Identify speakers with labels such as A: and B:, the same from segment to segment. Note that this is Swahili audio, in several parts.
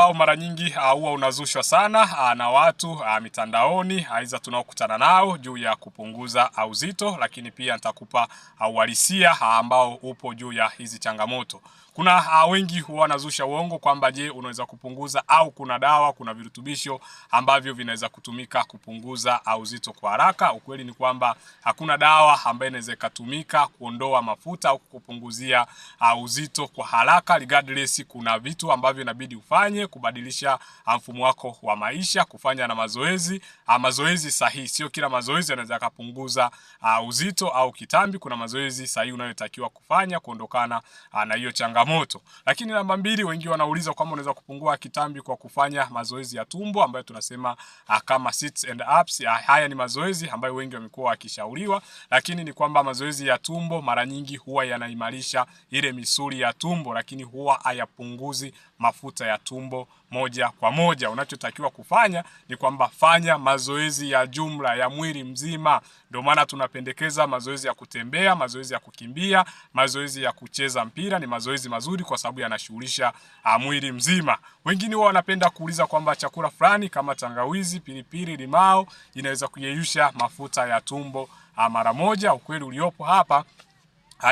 A: ambao mara nyingi ah, huwa unazushwa sana ah, na watu ah, mitandaoni, aidha tunaokutana nao juu ya kupunguza uzito, lakini pia nitakupa uhalisia ambao upo juu ya hizi changamoto. Kuna wengi huwa wanazusha uongo kwamba je, unaweza kupunguza au kuna dawa, kuna virutubisho ambavyo vinaweza kutumika kupunguza uzito kwa haraka. Ukweli ni kwamba hakuna dawa ambayo inaweza ikatumika kuondoa mafuta au kupunguzia uzito kwa haraka. Regardless, kuna vitu ambavyo inabidi ufanye kubadilisha ah, mfumo wako wa maisha, kufanya na mazoezi ah, mazoezi sahihi. Sio kila mazoezi yanaweza kupunguza ah, uzito au kitambi. Kuna mazoezi sahihi unayotakiwa kufanya kuondokana na hiyo changamoto. Lakini namba mbili, wengi wanauliza kwamba unaweza kupungua kitambi kwa kufanya mazoezi ya tumbo ambayo tunasema uh, kama sits and ups. Uh, haya ni mazoezi ambayo wengi wamekuwa wakishauriwa, lakini ni kwamba mazoezi ya tumbo mara nyingi huwa yanaimarisha ile misuli ya tumbo, lakini huwa hayapunguzi mafuta ya tumbo moja kwa moja. Unachotakiwa kufanya ni kwamba fanya mazoezi ya jumla ya mwili mzima. Ndio maana tunapendekeza mazoezi ya kutembea, mazoezi ya kukimbia, mazoezi ya kucheza mpira. Ni mazoezi mazuri kwa sababu yanashughulisha ah, mwili mzima. Wengine huwa wanapenda kuuliza kwamba chakula fulani kama tangawizi, pilipili, limao inaweza kuyeyusha mafuta ya tumbo ah, mara moja. Ukweli uliopo hapa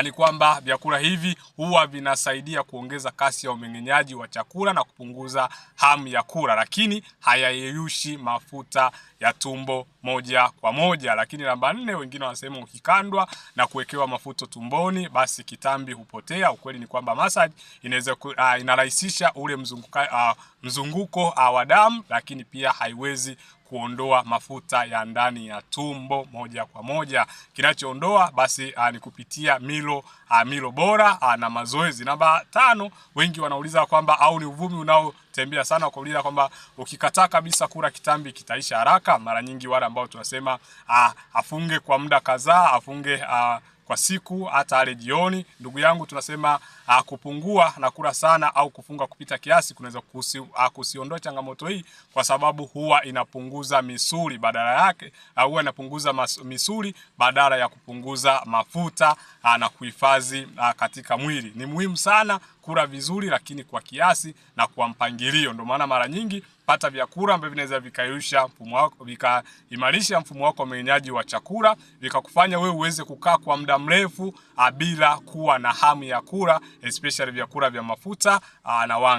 A: ni kwamba vyakula hivi huwa vinasaidia kuongeza kasi ya umeng'enyaji wa chakula na kupunguza hamu ya kula, lakini hayayeyushi mafuta ya tumbo moja kwa moja. Lakini namba nne, wengine wanasema ukikandwa na kuwekewa mafuta tumboni, basi kitambi hupotea. Ukweli ni kwamba massage inaweza uh, inarahisisha ule mzunguka uh, mzunguko wa damu, lakini pia haiwezi kuondoa mafuta ya ndani ya tumbo moja kwa moja. Kinachoondoa basi a, ah, ni kupitia milo a, ah, milo bora a, ah, na mazoezi. Namba tano, wengi wanauliza kwamba au ni uvumi unaotembea sana, kuuliza kwamba ukikataa kabisa kula kitambi kitaisha haraka. Mara nyingi wale ambao tunasema a, afunge kwa muda kadhaa, afunge a, kwa siku, hata ale jioni. Ndugu yangu, tunasema uh, kupungua na kula sana au kufunga kupita kiasi kunaweza kusi, uh, kusiondoa changamoto hii, kwa sababu huwa inapunguza misuli badala yake uh, huwa inapunguza mas, misuli badala ya kupunguza mafuta uh, na kuhifadhi uh, katika mwili. Ni muhimu sana vyakula vizuri, lakini kwa kiasi na kwa mpangilio. Ndio maana mara nyingi pata vyakula ambavyo vinaweza vikaimarisha mfumo wako vikaimarisha mfumo wako wa mmeng'enyaji wa chakula, vikakufanya wewe uweze kukaa kwa muda mrefu ah, bila kuwa na hamu ya kula, especially vyakula vya mafuta ah, na wanga.